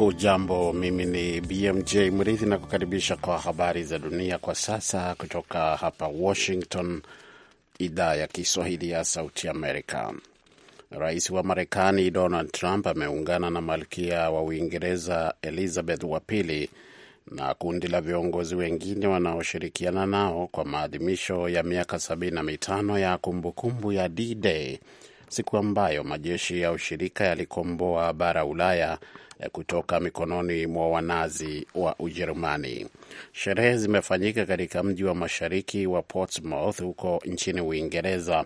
Hujambo, mimi ni BMJ mrithi na kukaribisha kwa habari za dunia kwa sasa kutoka hapa Washington, idhaa ya Kiswahili ya Sauti Amerika. Rais wa Marekani Donald Trump ameungana na malkia wa Uingereza Elizabeth wa pili na kundi la viongozi wengine wanaoshirikiana nao kwa maadhimisho ya miaka 75 ya kumbukumbu ya D-Day siku ambayo majeshi ya ushirika yalikomboa bara Ulaya eh, kutoka mikononi mwa wanazi wa Ujerumani. Sherehe zimefanyika katika mji wa mashariki wa Portsmouth huko nchini Uingereza.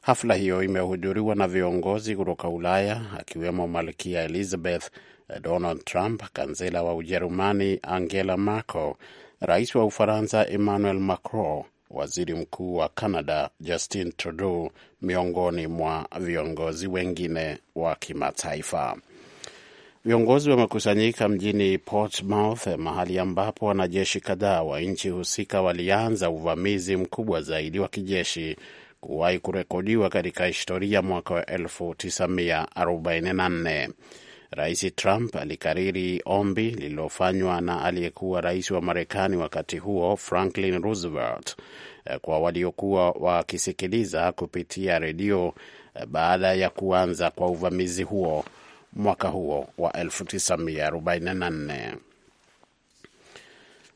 Hafla hiyo imehudhuriwa na viongozi kutoka Ulaya akiwemo Malkia Elizabeth, eh, Donald Trump, kansela wa Ujerumani Angela Merkel, rais wa Ufaransa Emmanuel Macron waziri mkuu wa Canada Justin Trudeau miongoni mwa viongozi wengine wa kimataifa. Viongozi wamekusanyika mjini Portsmouth, mahali ambapo wanajeshi kadhaa wa nchi husika walianza uvamizi mkubwa zaidi wa kijeshi kuwahi kurekodiwa katika historia mwaka wa 1944. Rais Trump alikariri ombi lililofanywa na aliyekuwa rais wa Marekani wakati huo Franklin Roosevelt eh, kwa waliokuwa wakisikiliza kupitia redio eh, baada ya kuanza kwa uvamizi huo mwaka huo wa 1944.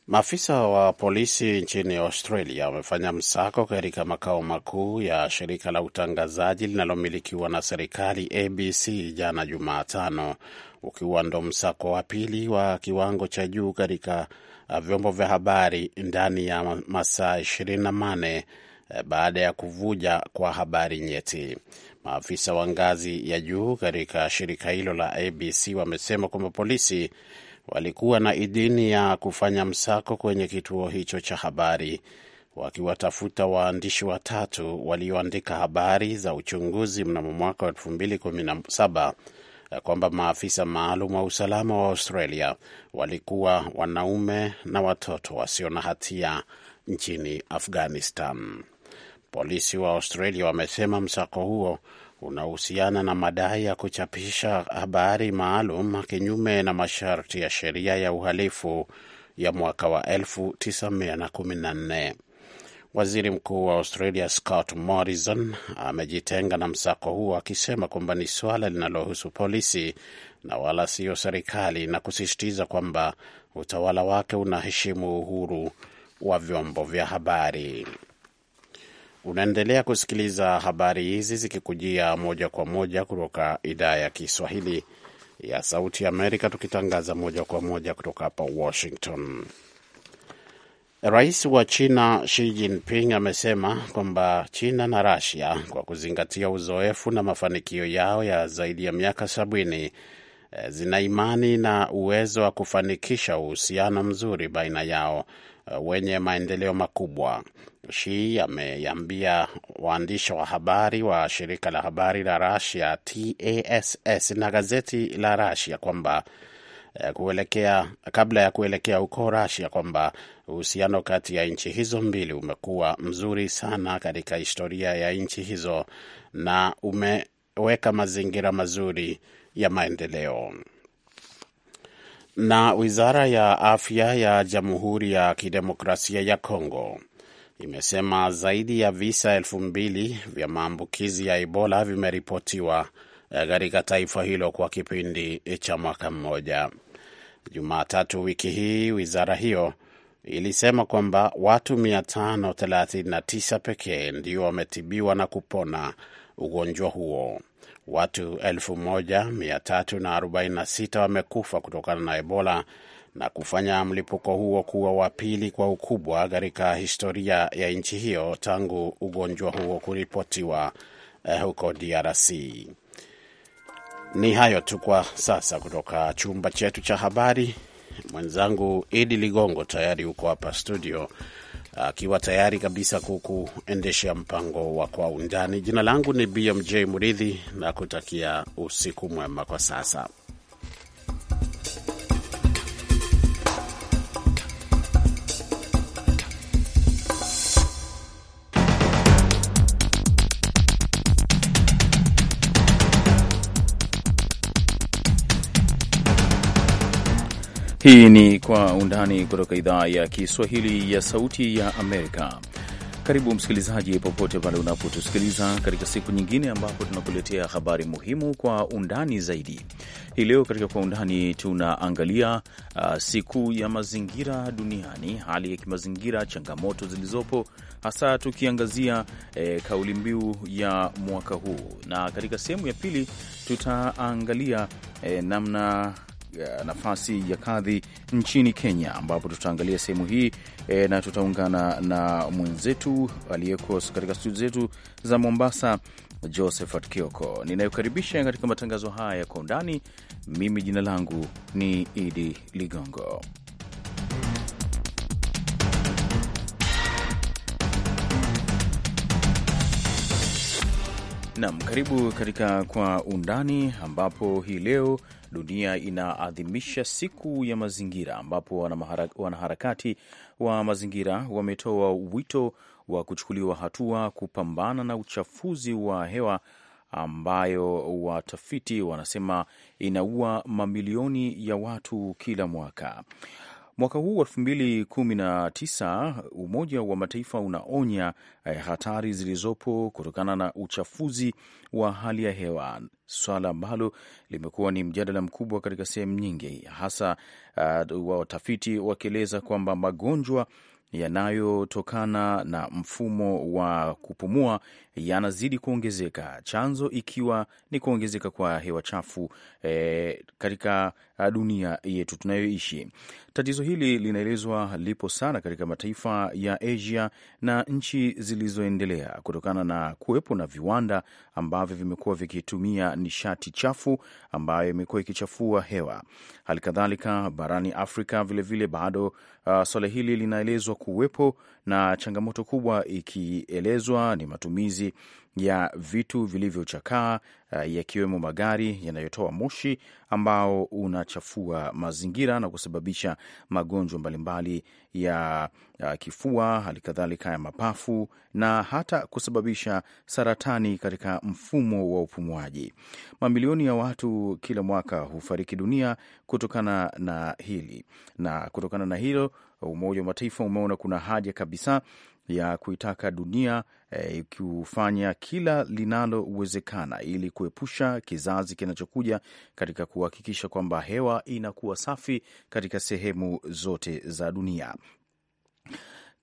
Maafisa wa polisi nchini Australia wamefanya msako katika makao makuu ya shirika la utangazaji linalomilikiwa na serikali ABC jana Jumatano, ukiwa ndo msako wa pili wa kiwango cha juu katika uh, vyombo vya habari ndani ya masaa 24 uh, baada ya kuvuja kwa habari nyeti. Maafisa wa ngazi ya juu katika shirika hilo la ABC wamesema kwamba polisi walikuwa na idhini ya kufanya msako kwenye kituo hicho cha habari wakiwatafuta waandishi watatu walioandika habari za uchunguzi mnamo mwaka wa 2017 eh, kwamba maafisa maalum wa usalama wa Australia walikuwa wanaume na watoto wasio na hatia nchini Afghanistan. Polisi wa Australia wamesema msako huo unahusiana na madai ya kuchapisha habari maalum kinyume na masharti ya sheria ya uhalifu ya mwaka wa 1914. Waziri Mkuu wa Australia Scott Morrison amejitenga na msako huo akisema kwamba ni suala linalohusu polisi na wala siyo serikali, na kusisitiza kwamba utawala wake unaheshimu uhuru wa vyombo vya habari. Unaendelea kusikiliza habari hizi zikikujia moja kwa moja kutoka idhaa ya Kiswahili ya Sauti ya Amerika, tukitangaza moja kwa moja kutoka hapa Washington. Rais wa China Xi Jinping amesema kwamba China na Rasia, kwa kuzingatia uzoefu na mafanikio yao ya zaidi ya miaka sabini, eh, zina imani na uwezo wa kufanikisha uhusiano mzuri baina yao eh, wenye maendeleo makubwa. Shi ameambia waandishi wa habari wa shirika la habari la Rasia TASS na gazeti la Rasia kwamba eh, kuelekea kabla ya kuelekea huko Rasia kwamba uhusiano kati ya nchi hizo mbili umekuwa mzuri sana katika historia ya nchi hizo na umeweka mazingira mazuri ya maendeleo. Na wizara ya afya ya Jamhuri ya Kidemokrasia ya Kongo imesema zaidi ya visa elfu mbili vya maambukizi ya Ebola vimeripotiwa eh, katika taifa hilo kwa kipindi eh, cha mwaka mmoja. Jumatatu wiki hii wizara hiyo ilisema kwamba watu 539 pekee ndio wametibiwa na kupona ugonjwa huo. Watu 1346 wamekufa kutokana na Ebola na kufanya mlipuko huo kuwa wa pili kwa ukubwa katika historia ya nchi hiyo tangu ugonjwa huo kuripotiwa eh, huko DRC. Ni hayo tu kwa sasa kutoka chumba chetu cha habari. Mwenzangu Idi Ligongo tayari huko hapa studio akiwa tayari kabisa kukuendeshea mpango wa Kwa Undani. Jina langu ni BMJ Muridhi na kutakia usiku mwema kwa sasa. Hii ni Kwa Undani kutoka idhaa ya Kiswahili ya Sauti ya Amerika. Karibu msikilizaji, popote pale unapotusikiliza katika siku nyingine ambapo tunakuletea habari muhimu kwa undani zaidi. Hii leo katika Kwa Undani tunaangalia uh, siku ya mazingira duniani, hali ya kimazingira, changamoto zilizopo, hasa tukiangazia eh, kauli mbiu ya mwaka huu, na katika sehemu ya pili tutaangalia eh, namna Eh, nafasi ya kadhi nchini Kenya, ambapo tutaangalia sehemu hii e, na tutaungana na mwenzetu aliyeko katika studio zetu za Mombasa, Josephat Kioko, ninayokaribisha katika matangazo haya ya Kwa Undani. Mimi jina langu ni Idi Ligongo. Nam, karibu katika Kwa Undani, ambapo hii leo dunia inaadhimisha siku ya mazingira, ambapo wanaharakati wa mazingira wametoa wito wa kuchukuliwa hatua kupambana na uchafuzi wa hewa ambayo watafiti wanasema inaua mamilioni ya watu kila mwaka. Mwaka huu wa 2019 Umoja wa Mataifa unaonya eh, hatari zilizopo kutokana na uchafuzi wa hali ya hewa, swala ambalo limekuwa ni mjadala mkubwa katika sehemu nyingi, hasa uh, watafiti wakieleza kwamba magonjwa yanayotokana na mfumo wa kupumua yanazidi kuongezeka, chanzo ikiwa ni kuongezeka kwa hewa chafu e, katika dunia yetu tunayoishi. Tatizo hili linaelezwa lipo sana katika mataifa ya Asia na nchi zilizoendelea kutokana na kuwepo na viwanda ambavyo vimekuwa vikitumia nishati chafu ambayo imekuwa ikichafua hewa. Hali kadhalika barani Afrika vilevile vile bado uh, swala hili linaelezwa kuwepo na changamoto kubwa ikielezwa ni matumizi ya vitu vilivyochakaa eh, yakiwemo magari yanayotoa moshi ambao unachafua mazingira na kusababisha magonjwa mbalimbali ya eh, kifua, hali kadhalika ya mapafu na hata kusababisha saratani katika mfumo wa upumuaji. Mamilioni ya watu kila mwaka hufariki dunia kutokana na hili na kutokana na hilo Umoja wa Mataifa umeona kuna haja kabisa ya kuitaka dunia eh, kufanya kila linalowezekana ili kuepusha kizazi kinachokuja katika kuhakikisha kwamba hewa inakuwa safi katika sehemu zote za dunia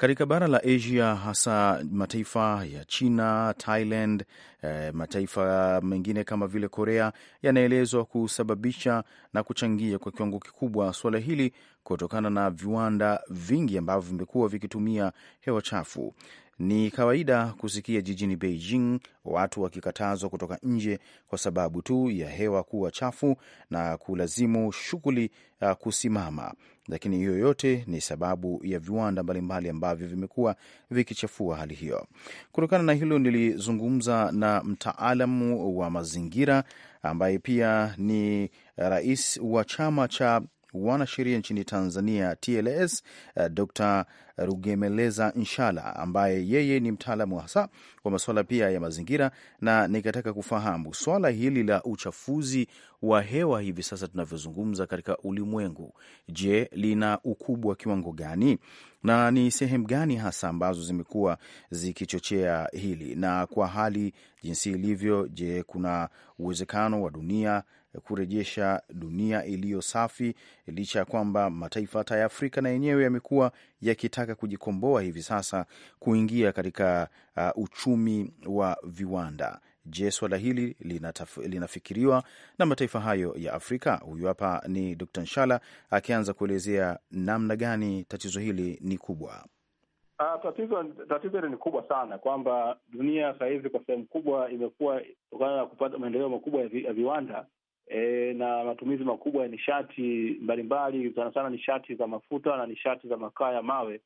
katika bara la Asia, hasa mataifa ya China, Thailand, eh, mataifa mengine kama vile Korea yanaelezwa kusababisha na kuchangia kwa kiwango kikubwa suala hili kutokana na viwanda vingi ambavyo vimekuwa vikitumia hewa chafu. Ni kawaida kusikia jijini Beijing watu wakikatazwa kutoka nje kwa sababu tu ya hewa kuwa chafu na kulazimu shughuli uh, kusimama lakini hiyo yote ni sababu ya viwanda mbalimbali ambavyo vimekuwa vikichafua hali hiyo. Kutokana na hilo, nilizungumza na mtaalamu wa mazingira ambaye pia ni rais wa chama cha wanasheria nchini Tanzania TLS, d eh, Dr. Rugemeleza Nshala ambaye yeye ni mtaalamu hasa kwa masuala pia ya mazingira, na nikataka kufahamu swala hili la uchafuzi wa hewa hivi sasa tunavyozungumza katika ulimwengu, je, lina ukubwa wa kiwango gani na ni sehemu gani hasa ambazo zimekuwa zikichochea hili? Na kwa hali jinsi ilivyo, je, kuna uwezekano wa dunia kurejesha dunia iliyo safi, licha ya kwamba mataifa hata ya Afrika na yenyewe yamekuwa yakitaka kujikomboa hivi sasa kuingia katika uh, uchumi wa viwanda. Je, swala hili linataf, linafikiriwa na mataifa hayo ya Afrika? Huyu hapa ni Dr. Nshala akianza kuelezea namna gani tatizo hili ni kubwa. Uh, tatizo tatizo hili ni kubwa sana, kwamba dunia sahizi kwa sehemu kubwa imekuwa kutokana na kupata maendeleo makubwa ya, vi, ya viwanda e, na matumizi makubwa ya nishati mbalimbali, sana sana nishati za mafuta na nishati za makaa ya mawe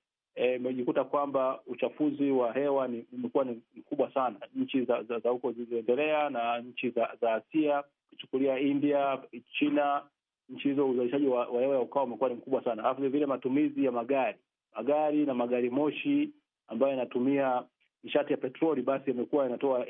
imejikuta e, kwamba uchafuzi wa hewa umekuwa ni mkubwa sana nchi za, za, za huko zilizoendelea na nchi za, za Asia, kuchukulia India, China, nchi hizo uzalishaji wa, wa hewa ya ukaa umekuwa ni mkubwa sana, alafu vilevile matumizi ya magari magari na magari moshi ambayo yanatumia nishati ya petroli, basi yamekuwa yanatoa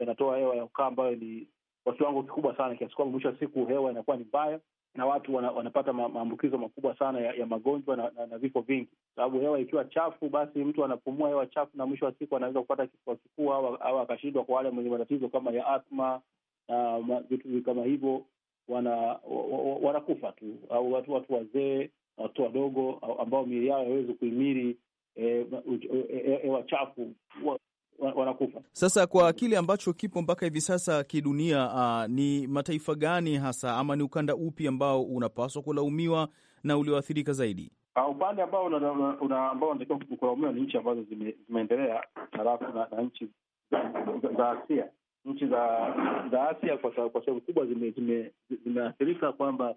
yanatoa hewa ya ukaa ambayo ni kwa kiwango kikubwa sana, kiasi kwamba mwisho wa siku hewa inakuwa ni mbaya na watu wana, wanapata maambukizo makubwa sana ya, ya magonjwa na, na, na vifo vingi, sababu hewa ikiwa chafu, basi mtu anapumua hewa chafu na mwisho wa siku anaweza kupata kifua kikuu au akashindwa. Kwa wale mwenye matatizo kama ya athma na vitu kama hivyo, wanakufa wana, tu au watu watu wazee na watoto wadogo ambao miili yao haiwezi kuhimili eh, eh, eh, hewa e, e, e, chafu wanakufa. Sasa kwa kile ambacho kipo mpaka hivi sasa kidunia, uh, ni mataifa gani hasa ama ni ukanda upi ambao unapaswa kulaumiwa na ulioathirika zaidi? Uh, upande ambao ambao unatakiwa kulaumiwa ni nchi ambazo zimeendelea halafu na, na nchi za Asia nchi za za Asia kwa sababu kubwa zimeathirika zime, zime kwamba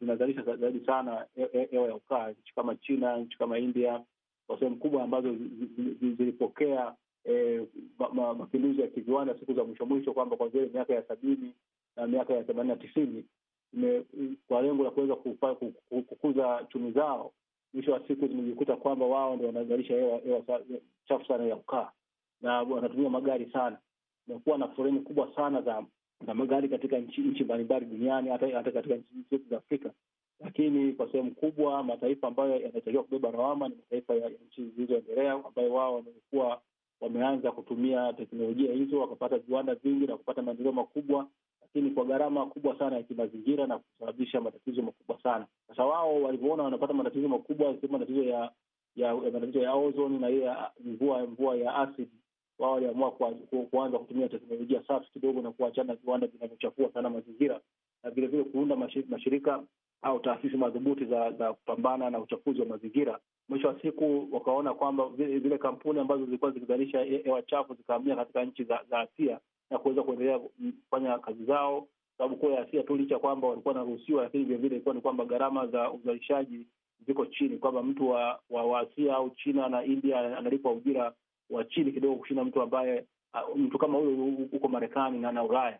zinazalisha zina, zaidi sana hewa ya ukaa, nchi kama China, nchi kama India kwa sehemu kubwa ambazo zilipokea eh, mapinduzi ya kiviwanda siku za mwisho mwisho, kwamba kuanzia miaka ya sabini na miaka ya themanini na tisini kwa lengo la kuweza kukuza chumi zao, mwisho wa siku zimejikuta kwamba wao ndio wanazalisha hewa chafu sana ya ukaa na wanatumia magari sana. Umekuwa na foleni kubwa sana za magari katika nchi mbalimbali duniani, hata katika nchi zetu za Afrika lakini kwa sehemu kubwa mataifa ambayo yanatakiwa kubeba lawama ni mataifa ya nchi zilizoendelea ambayo wao wamekuwa wameanza kutumia teknolojia hizo wakapata viwanda vingi na kupata maendeleo makubwa, lakini kwa gharama kubwa sana ya kimazingira na kusababisha matatizo makubwa sana. Sasa wao walivyoona wanapata matatizo makubwa, matatizo ya ya matatizo ya ozoni na hiyo mvua mvua ya asidi, wao waliamua kuanza kutumia teknolojia safi kidogo na kuachana viwanda vinavyochafua sana mazingira na vilevile kuunda mashirika au taasisi madhubuti za, za kupambana na uchafuzi wa mazingira. Mwisho wa siku wakaona kwamba zile, zile kampuni ambazo zilikuwa zikizalisha hewa chafu zikahamia katika nchi za, za Asia na kuweza kuendelea kufanya kazi zao sababu kuu ya Asia tu, licha kwamba walikuwa wanaruhusiwa, lakini vilevile ilikuwa ni kwamba gharama za uzalishaji ziko chini, kwamba mtu wa, wa, wa Asia au China na India analipwa ujira wa chini kidogo kushinda mtu ambaye mtu kama huyo huko Marekani na na Ulaya.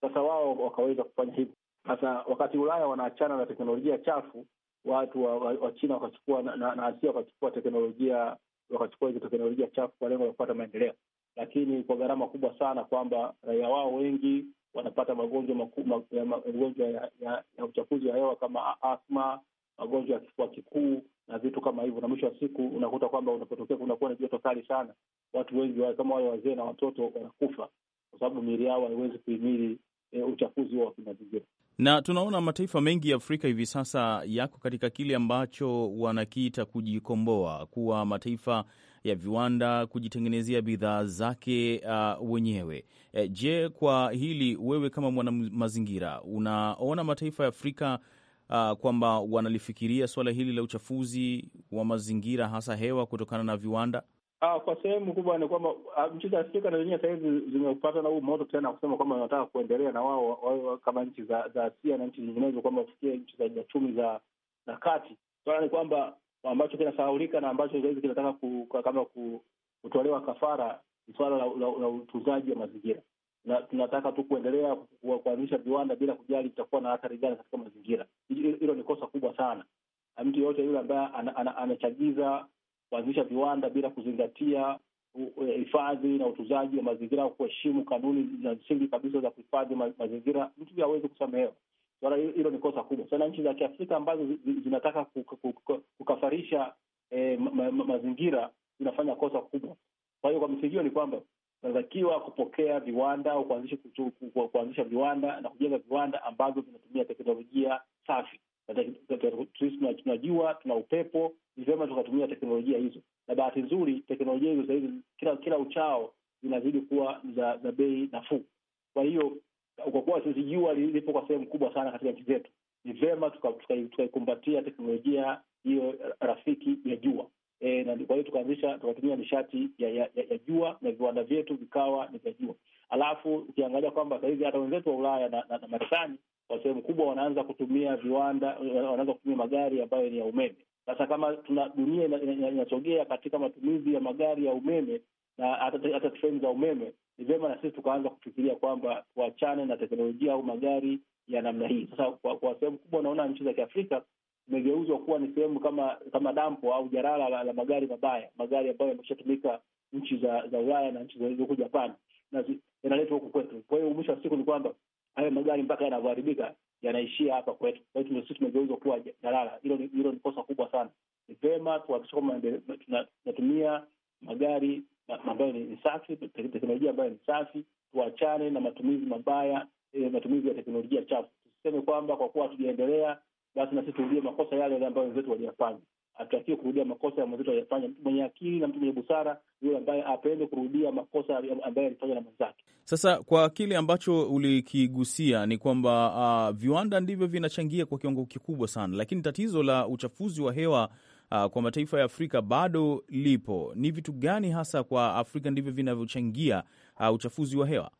Sasa wao wakaweza kufanya hivi sasa wakati Ulaya wanaachana na teknolojia chafu, watu wa, wa, wa China wakachukua na, na, na Asia wakachukua teknolojia wakachukua hizo teknolojia chafu kwa lengo la kupata maendeleo, lakini kwa gharama kubwa sana, kwamba raia wao wengi wanapata magonjwa maku, magonjwa ya, ya, ya uchafuzi wa hewa kama asma, magonjwa ya kifua kikuu na vitu kama hivyo, na mwisho wa siku unakuta kwamba unapotokea kunakuwa na joto kali sana, watu wengi wa, kama wale wazee na watoto wanakufa kwa sababu miili yao haiwezi kuhimili e, uchafuzi huo wa kimazingira na tunaona mataifa mengi ya Afrika hivi sasa yako katika kile ambacho wanakiita kujikomboa, kuwa mataifa ya viwanda, kujitengenezea bidhaa zake uh, wenyewe. E, je, kwa hili wewe kama mwanamazingira unaona mataifa ya Afrika uh, kwamba wanalifikiria suala hili la uchafuzi wa mazingira, hasa hewa kutokana na viwanda? Ah, kwa sehemu kubwa ni kwamba nchi ah, za Afrika na zenyewe sahizi zimepata na huu moto tena kusema kwamba wanataka kuendelea na wao kama nchi za, za Asia na nchi nyinginezo kwamba wafikie nchi za uchumi za na kati. Swala ni kwamba ambacho kinasahaulika na ambacho sahizi kinataka ku, kama ku, kutolewa kafara ni swala la, la, la utunzaji wa mazingira, na tunataka tu kuendelea kuanzisha viwanda bila kujali itakuwa na athari gani katika mazingira. Hilo ni kosa kubwa sana. Mtu yeyote yule ambaye anachagiza kuanzisha viwanda bila kuzingatia hifadhi na utunzaji wa mazingira au kuheshimu kanuni za msingi kabisa za kuhifadhi mazingira, mtu hawezi kusamehewa. Swala hilo ni kosa kubwa sana. Nchi za Kiafrika ambazo zinataka kukafarisha eh, ma ma mazingira zinafanya kosa kubwa. Kwa hiyo kwa misingi hiyo ni kwamba tunatakiwa kupokea viwanda au kuanzisha viwanda na kujenga viwanda ambavyo vinatumia teknolojia safi tunajua tuna upepo, ni vyema tukatumia teknolojia hizo, na bahati nzuri teknolojia hizo sahizi kila kila uchao zinazidi kuwa za za bei nafuu. Kwa hiyo kwa kuwa sisi jua lipo kwa sehemu kubwa sana katika nchi zetu, ni vyema tukaikumbatia tuka, tuka teknolojia hiyo rafiki ya jua e, na kwa hiyo tukaanzisha tukatumia nishati ya, ya, ya, ya jua na viwanda vyetu vikawa ni vya jua. Alafu ukiangalia kwamba sahizi hata wenzetu wa Ulaya na, na, na Marekani kwa sehemu kubwa wanaanza kutumia viwanda, wanaanza kutumia magari ambayo ni ya umeme. Sasa kama tuna dunia inasogea katika matumizi ya magari ya umeme na hata treni za umeme, ni vyema na sisi tukaanza kufikiria kwamba tuachane na teknolojia au magari ya namna hii. Sasa kwa, kwa sehemu kubwa unaona nchi za Kiafrika imegeuzwa kuwa ni sehemu kama kama dampo au jarala la, la magari mabaya, magari ambayo yameshatumika nchi za za Ulaya na nchi zilizoku Japani na yanaletwa huku kwetu. Kwa hiyo mwisho wa siku ni kwamba hayo magari mpaka yanavyoharibika yanaishia hapa kwetu. Kwa hiyo sisi tumegeuzwa kuwa jarala. Hilo ni hilo ni kosa kubwa sana. Ni pema tuhakikisha kwamba tunatumia magari ambayo ni safi, teknolojia ambayo ni safi. Tuachane na matumizi mabaya, eh, matumizi ya teknolojia chafu. Tusiseme kwamba kwa kuwa hatujaendelea basi na sisi turudie makosa yale yale ambayo wenzetu waliyafanya. Hatutakiwi kurudia makosa ya mwenzetu aliyafanya. Mtu mwenye akili na mtu mwenye busara yule ambaye apende kurudia makosa ambayo alifanya na mwenzake. Sasa kwa kile ambacho ulikigusia ni kwamba uh, viwanda ndivyo vinachangia kwa kiwango kikubwa sana, lakini tatizo la uchafuzi wa hewa uh, kwa mataifa ya Afrika bado lipo. Ni vitu gani hasa kwa Afrika ndivyo vinavyochangia uh, uchafuzi wa hewa?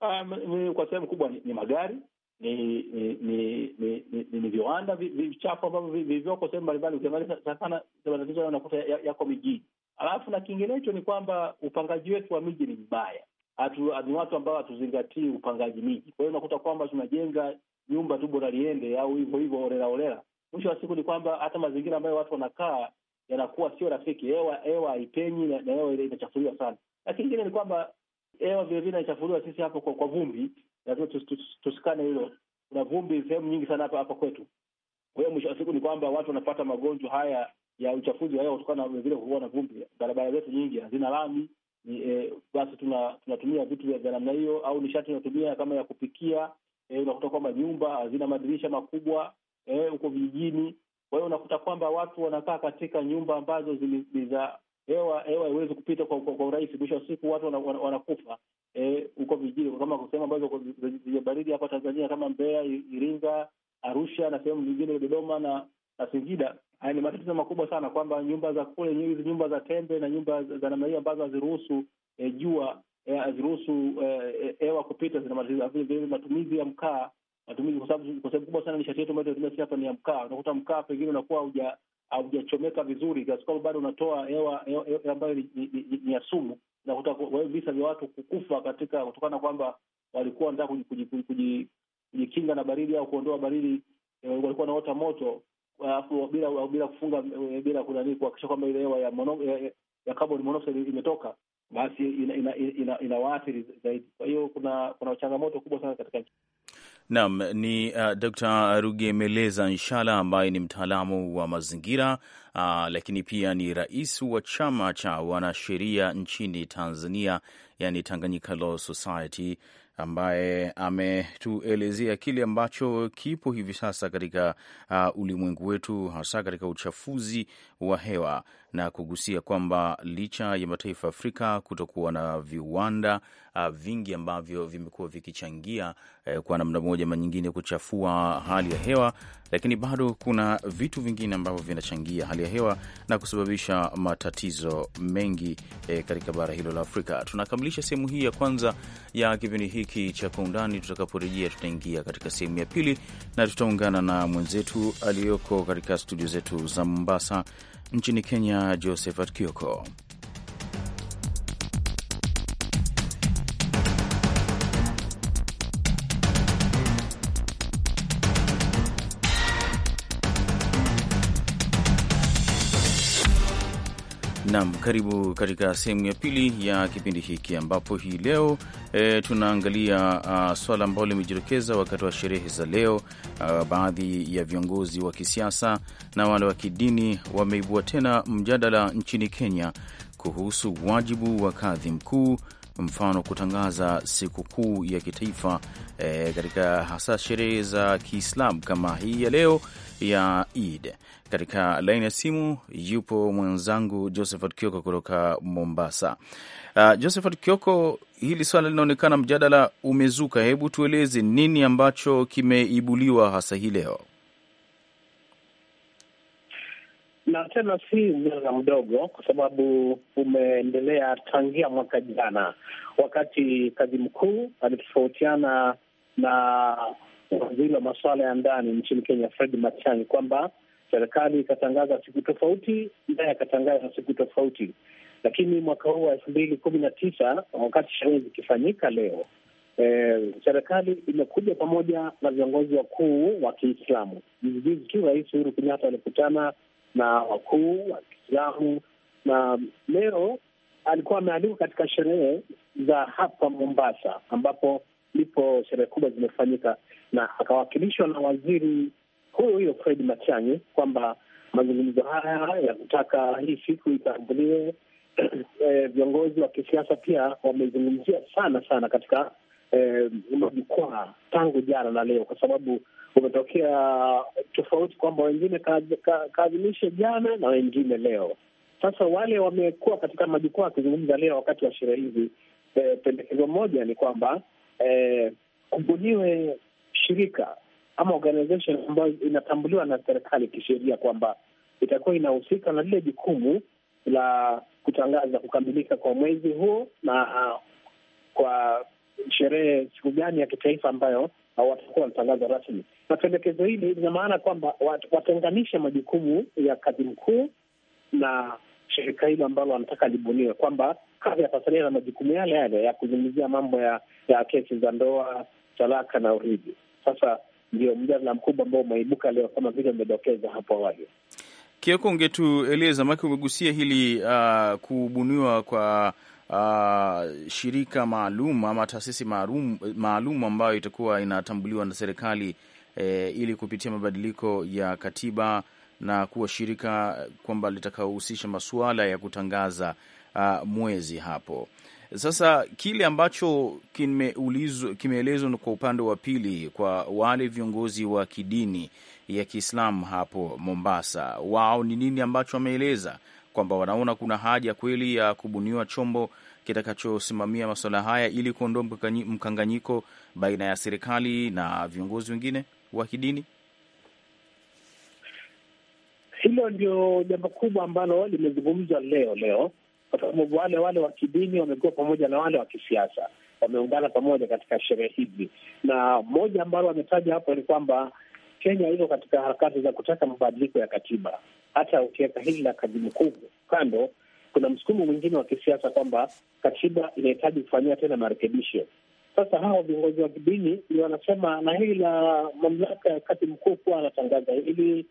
Um, kwa sehemu kubwa ni, ni magari ni ni ni viwanda vichafu ambavyo vilivyoko sehemu mbalimbali. Ukiangalia sana matatizo hayo unakuta yako mijini. Alafu na kinginecho ni kwamba upangaji wetu wa miji ni mbaya, ni watu ambao hatuzingatii upangaji miji. Kwa hiyo unakuta kwamba tunajenga nyumba tu bora liende au hivyo hivyo holela Mwisho wa siku ni kwamba hata mazingira ambayo watu wanakaa yanakuwa sio rafiki, hewa hewa haipenyi na hewa inachafuliwa sana. Na kingine ni kwamba hewa vilevile inachafuliwa sisi hapo kwa, kwa vumbi lazima tusikane hilo. Kuna vumbi sehemu nyingi sana hapa hapa kwetu. Kwa hiyo mwisho wa siku ni kwamba watu wanapata magonjwa haya ya uchafuzi wa hewa kutokana na vile kukuwa na vumbi. Barabara zetu nyingi hazina lami ni, eh, basi tuna, tunatumia vitu vya namna hiyo, au nishati tunatumia kama ya kupikia eh, unakuta kwamba nyumba hazina madirisha makubwa huko e, eh, vijijini. Kwa hiyo unakuta kwamba watu wanakaa katika nyumba ambazo ni za hewa hewa haiwezi kupita kwa, kwa, kwa urahisi. Mwisho wa siku watu wanakufa Eh, huko e, vijiji kama kusema ambazo zenye baridi hapa Tanzania kama Mbeya, Iringa, Arusha na sehemu nyingine Dodoma na na Singida. Haya ni matatizo makubwa sana, kwamba nyumba za kule hizi nyumba za tembe na nyumba za namna hiyo ambazo haziruhusu e, jua eh, haziruhusu e, hewa e, kupita, zina matatizo vile vile. Matumizi ya mkaa, matumizi kwa sababu kubwa sana nishati yetu ambayo tunatumia hapa ni ya mkaa. Unakuta mkaa pengine unakuwa haujachomeka vizuri, kiasi kwamba bado unatoa hewa ambayo ni ya sumu na visa vya watu kukufa katika kutokana kwamba walikuwa wanataka kujikinga na baridi au kuondoa baridi, eh, walikuwa naota moto alafu bila bila kufunga eh, bila kunani kuhakikisha kwamba ile hewa ya mono, ya, ya carbon monoxide imetoka, basi inawaathiri ina, ina, ina zaidi. Kwa hiyo kuna kuna changamoto kubwa sana katika nchi. Naam, ni uh, Dr. Rugemeleza Nshala ambaye ni mtaalamu wa mazingira uh, lakini pia ni rais wa chama cha wanasheria nchini Tanzania, yani Tanganyika Law Society, ambaye ametuelezea kile ambacho kipo hivi sasa katika uh, ulimwengu wetu, hasa katika uchafuzi wa hewa na kugusia kwamba licha ya mataifa ya Afrika kutokuwa na viwanda uh, vingi ambavyo vimekuwa vikichangia eh, kwa namna moja ama nyingine kuchafua hali ya hewa, lakini bado kuna vitu vingine ambavyo vinachangia hali ya hewa na kusababisha matatizo mengi eh, katika bara hilo la Afrika. Tunakamilisha sehemu hii ya kwanza ya kipindi hiki cha Kwa Undani. Tutakaporejea tutaingia katika sehemu ya pili na tutaungana na mwenzetu aliyoko katika studio zetu za Mombasa Nchini Kenya, Josephat Kioko. Nam, karibu katika sehemu ya pili ya kipindi hiki ambapo hii leo e, tunaangalia ah, swala ambalo limejitokeza wakati wa sherehe za leo. A, ah, baadhi ya viongozi wa kisiasa na wale wa kidini wameibua tena mjadala nchini Kenya kuhusu wajibu wa kadhi mkuu, mfano kutangaza sikukuu ya kitaifa e, katika hasa sherehe za Kiislamu kama hii ya leo ya Eid. Katika laini ya simu yupo mwenzangu Josephat Kioko kutoka Mombasa. Uh, Josephat Kioko, hili swala linaonekana mjadala umezuka, hebu tueleze nini ambacho kimeibuliwa hasa hii leo? na tena si mjadala mdogo, kwa sababu umeendelea tangia mwaka jana, wakati kazi mkuu alitofautiana na waziri wa masuala ya ndani nchini Kenya Fred Matiang'i kwamba serikali ikatangaza siku tofauti, naye akatangaza siku tofauti, lakini mwaka huu wa elfu mbili kumi na tisa wakati sherehe zikifanyika leo e, serikali imekuja pamoja na viongozi wakuu wa Kiislamu. Juzijuzi tu Rais Uhuru Kenyatta alikutana na wakuu wa Kiislamu na leo alikuwa amealikwa katika sherehe za hapa Mombasa ambapo ndipo sherehe kubwa zimefanyika na akawakilishwa na waziri huyo huyo Fred Matiang'i kwamba mazungumzo haya ya kutaka hii siku itambuliwe eh, viongozi wa kisiasa pia wamezungumzia sana sana katika eh, majukwaa tangu jana na leo, kwa sababu umetokea tofauti kwamba wengine kaadhimishe jana na wengine leo. Sasa wale wamekuwa katika majukwaa wakizungumza leo wakati wa sherehe hizi, eh, pendekezo moja ni kwamba eh, kubuniwe shirika ama organization ambayo inatambuliwa na serikali kisheria kwamba itakuwa inahusika na lile jukumu la kutangaza kukamilika kwa mwezi huo na uh, kwa sherehe siku gani ya kitaifa ambayo watakuwa wanatangaza rasmi. Na pendekezo hili lina maana kwamba watenganishe majukumu ya kazi mkuu na shirika hilo ambalo wanataka libuniwe, kwamba kazi yatasalia na majukumu yale yale ya kuzungumzia mambo ya, ya kesi za ndoa, talaka na urithi. Sasa ndio mjadala mkubwa ambao umeibuka leo kama vile umedokeza hapo awali. Kioko, ungetueleza maake, umegusia hili uh, kubuniwa kwa Uh, shirika maalum ama taasisi maalum ambayo itakuwa inatambuliwa na serikali eh, ili kupitia mabadiliko ya katiba na kuwa shirika kwamba litakaohusisha masuala ya kutangaza uh, mwezi hapo. Sasa kile ambacho kimeelezwa kwa upande wa pili, kwa wale viongozi wa kidini ya Kiislamu hapo Mombasa, wao ni nini ambacho wameeleza kwamba wanaona kuna haja kweli ya kubuniwa chombo kitakachosimamia masuala haya ili kuondoa mkanganyiko baina ya serikali na viongozi wengine wa kidini. Hilo ndio jambo kubwa ambalo limezungumzwa leo leo kwa sababu wale wale wa kidini wamekuwa pamoja na wale wa kisiasa, wameungana pamoja katika sherehe hizi, na moja ambalo wametaja hapo ni kwamba Kenya iko katika harakati za kutaka mabadiliko ya katiba. Hata ukiweka hili la kazi mkuu kando, kuna msukumo mwingine wa kisiasa kwamba katiba inahitaji kufanyia tena marekebisho. Sasa hawa viongozi wa kidini ndio wanasema, na hili la mamlaka ya kati mkuu kuwa anatangaza hili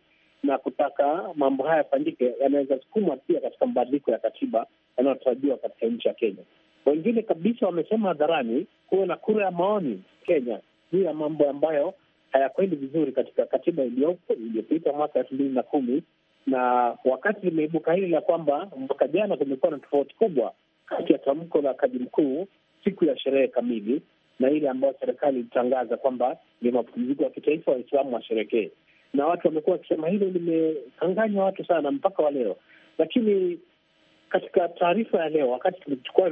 na kutaka mambo haya yafanyike, yanaweza sukuma pia katika mabadiliko ya katiba yanayotarajiwa katika nchi ya Kenya. Wengine kabisa wamesema hadharani kuwe na kura ya maoni Kenya juu ya mambo ambayo hayakwendi vizuri katika katiba iliyopo iliyopita mwaka elfu mbili na kumi na wakati limeibuka hili la kwamba mwaka jana kumekuwa na tofauti kubwa kati ya tamko la kaji mkuu siku ya sherehe kamili na ile ambayo serikali ilitangaza kwamba ni mapumziko ya kitaifa Waislamu washerekee na watu wamekuwa wakisema hilo limechanganywa watu sana mpaka wa leo. Lakini katika taarifa ya leo, wakati tumechukua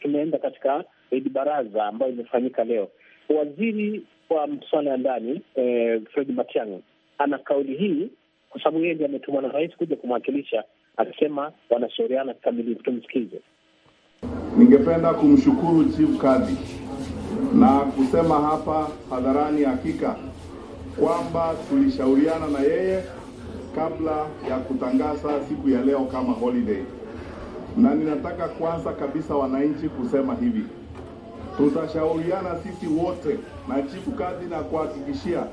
tumeenda katika Idi Baraza ambayo imefanyika leo, waziri wa masuala ya ndani eh, Fred Matiang'i ana kauli hii kwa sababu yeye ndiye ametumwa na rais kuja kumwakilisha, akisema wanashauriana kikamilifu. Tumsikize. Ningependa kumshukuru Chief Kadhi na kusema hapa hadharani hakika kwamba tulishauriana na yeye kabla ya kutangaza siku ya leo kama holiday, na ninataka kwanza kabisa wananchi kusema hivi, tutashauriana sisi wote na chifu kadhi na kuhakikishia,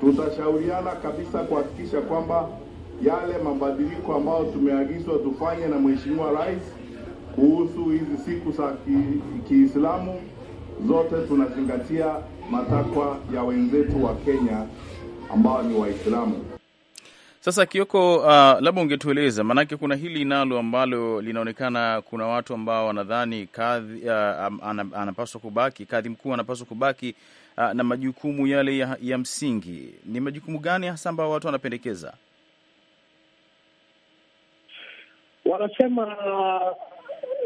tutashauriana kabisa kuhakikisha kwamba yale mabadiliko ambayo tumeagizwa tufanye na Mheshimiwa Rais kuhusu hizi siku za Kiislamu zote tunazingatia matakwa ya wenzetu wa Kenya ambao ni Waislamu. Sasa Kioko, uh, labda ungetueleza, maanake kuna hili nalo ambalo linaonekana kuna watu ambao wanadhani kadhi uh, anapaswa kubaki kadhi mkuu anapaswa kubaki uh, na majukumu yale ya, ya msingi. Ni majukumu gani hasa ambao watu wanapendekeza? Wanasema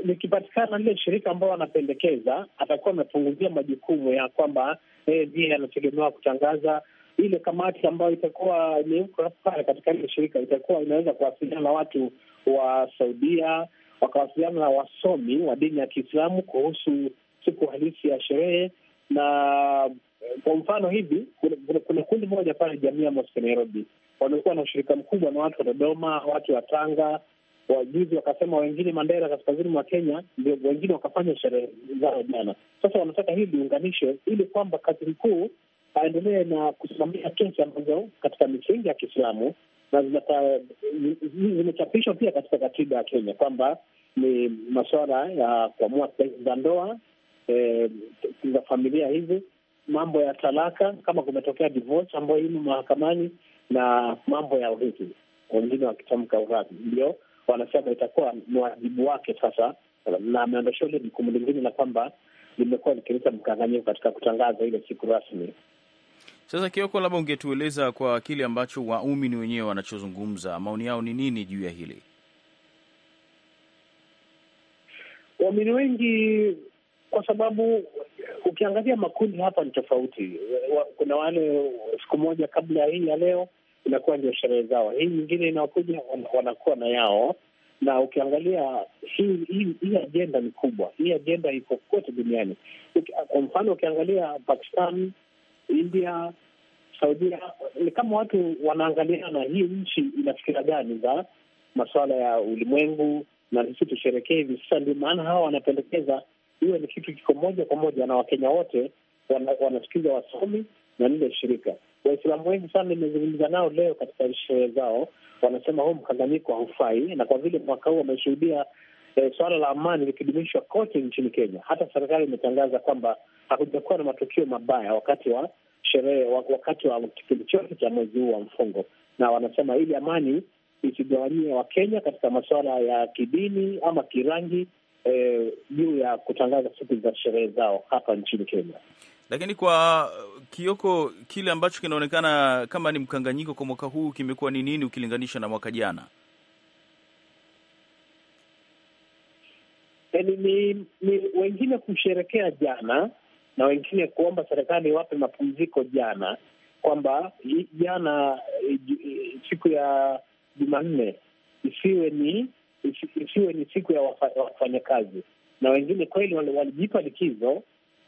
likipatikana lile shirika ambao wanapendekeza, atakuwa amepunguzia majukumu ya kwamba yeye eh, ndiye anachelemewa kutangaza ile kamati ambayo itakuwa imewekwa pale katika ile shirika itakuwa inaweza kuwasiliana na watu wa Saudia, wakawasiliana na wasomi wa dini ya Kiislamu kuhusu siku halisi ya sherehe. Na eh, kwa mfano hivi, kuna kundi moja pale jamii ya Mosque Nairobi, wamekuwa na ushirika mkubwa na watu wa Dodoma, watu wa Tanga, wajuzi wakasema wengine Mandera kaskazini mwa Kenya, ndio wengine wakafanya sherehe zao jana. Sasa wanataka hii liunganishe ili kwamba kazi mkuu aendelee na kusimamia kesi ambazo katika misingi ya Kiislamu na zimechapishwa pia katika katiba ya Kenya kwamba ni masuala ya kuamua za ndoa e, za familia hizi, mambo ya talaka kama kumetokea divorce ambayo imo mahakamani na mambo ya urithi, wengine wakitamka urathi ndio wanasema itakuwa ni wajibu wake sasa, na ameondosha ule jukumu lingine la kwamba limekuwa likileta mkanganyiko katika kutangaza ile siku rasmi. Sasa Kioko, labda ungetueleza kwa kile ambacho waumini wenyewe wanachozungumza, maoni yao ni nini juu ya hili? Waumini wengi, kwa sababu ukiangalia makundi hapa ni tofauti. Kuna wale siku moja kabla ya hii ya leo inakuwa ndio sherehe zao. Hii nyingine inaokuja wanakuwa na yao, na ukiangalia hii hii hii ajenda ni kubwa. Hii ajenda iko kote duniani. Ah, kwa mfano ukiangalia Pakistan, India, Saudia, ni kama watu wanaangaliana, hii nchi ina fikira gani za masuala ya ulimwengu na sisi tusherekee hivi sasa. Ndio maana hawa wanapendekeza iwe ni kitu kiko moja kwa moja, na Wakenya wote wanasikiza wasomi na lile shirika. Waislamu wengi sana nimezungumza nao leo katika sherehe zao, wanasema huu mkanganyiko haufai, na kwa vile mwaka huu wameshuhudia eh, suala la amani likidumishwa kote nchini Kenya. Hata serikali imetangaza kwamba hakujakuwa na matukio mabaya wakati wa sherehe, wakati wa kipindi chote cha mwezi huu wa mfungo, na wanasema ili amani isigawanyie Wakenya katika masuala ya kidini ama kirangi eh, juu eh, ya kutangaza siku za sherehe zao hapa nchini Kenya. Lakini kwa uh, Kioko, kile ambacho kinaonekana kama ni mkanganyiko kwa mwaka huu kimekuwa ni nini ukilinganisha na mwaka jana? Eh, ni, ni, ni wengine kusherekea jana na wengine kuomba serikali iwape mapumziko jana, kwamba jana eh, eh, siku ya Jumanne isiwe ni isiwe ni siku ya wafanyakazi, na wengine kweli walijipa likizo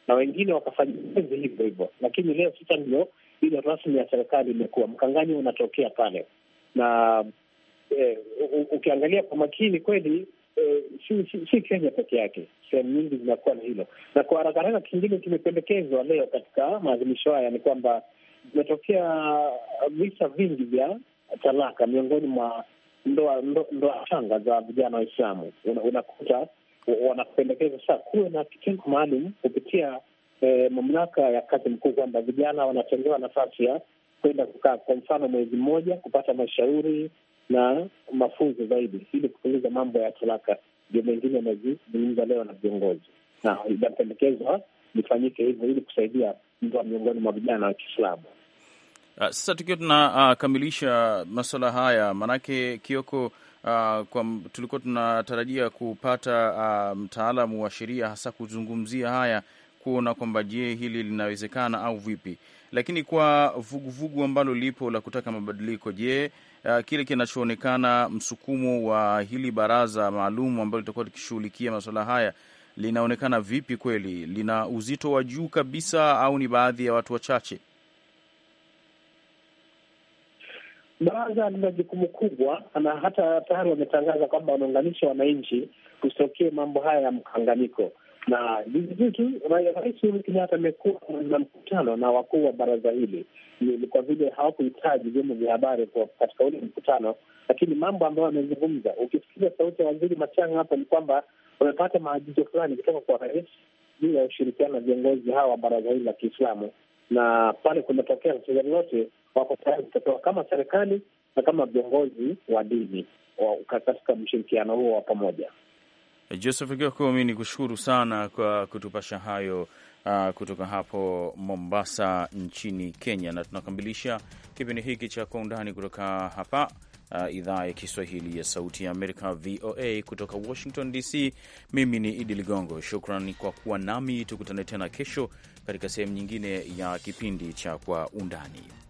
na wengine wakafanya kazi hivyo hivyo, lakini leo sasa ndio ile rasmi ya serikali imekuwa mkanganyo unatokea pale, na eh, ukiangalia kwa makini kweli eh, si, si, si Kenya peke yake, sehemu nyingi zinakuwa na hilo. Na kwa haraka haraka, kingine kimependekezwa leo katika maadhimisho haya ni kwamba vimetokea visa vingi vya talaka miongoni mwa ndoa ndoa changa za vijana Waislamu unakuta una wanapendekeza sasa kuwe na kitengo maalum kupitia eh, mamlaka ya kazi mkuu kwamba vijana wanatengewa nafasi ya kwenda kukaa kwa mfano mwezi mmoja kupata mashauri na mafunzo zaidi ili kupunguza mambo ya talaka. Ndio mengine amezungumza leo na viongozi, na inapendekezwa lifanyike hivyo ili kusaidia ndoa miongoni mwa vijana wa Kiislamu. Ah, sasa tukiwa tunakamilisha uh, masuala haya, maanake Kioko uh, kwa tulikuwa tunatarajia kupata ah, mtaalamu wa sheria hasa kuzungumzia haya kuona kwamba je, hili linawezekana au vipi. Lakini kwa vuguvugu vugu ambalo lipo la kutaka mabadiliko, je, uh, kile kinachoonekana msukumo wa hili baraza maalum ambalo litakuwa likishughulikia masuala haya linaonekana vipi? Kweli lina uzito wa juu kabisa au ni baadhi ya watu wachache? Baraza lina jukumu kubwa, na hata tayari wametangaza kwamba wanaunganisha wananchi kusitokee mambo haya ya mkanganyiko. Na juzijuzi tu Rais Uhuru Kenyatta amekuwa na mkutano na wakuu wa baraza hili, ni kwa vile hawakuhitaji vyombo vya habari katika ule mkutano, lakini mambo ambayo wamezungumza, ukisikiza sauti ya waziri Matiang'i hapo, ni kwamba wamepata maagizo fulani kutoka kwa rais juu ya ushirikiano na viongozi hawa wa baraza hili la Kiislamu, na pale kunatokea mchezo wako tayari kutotoa kama serikali na kama viongozi wa dini katika mshirikiano huo wa pamoja. Joseph Kioko, mi ni kushukuru sana kwa kutupasha hayo uh, kutoka hapo Mombasa nchini Kenya, na tunakamilisha kipindi hiki cha Kwa Undani kutoka hapa uh, idhaa ya Kiswahili ya Sauti ya Amerika, VOA, kutoka Washington DC. Mimi ni Idi Ligongo, shukran kwa kuwa nami. Tukutane tena kesho katika sehemu nyingine ya kipindi cha Kwa Undani.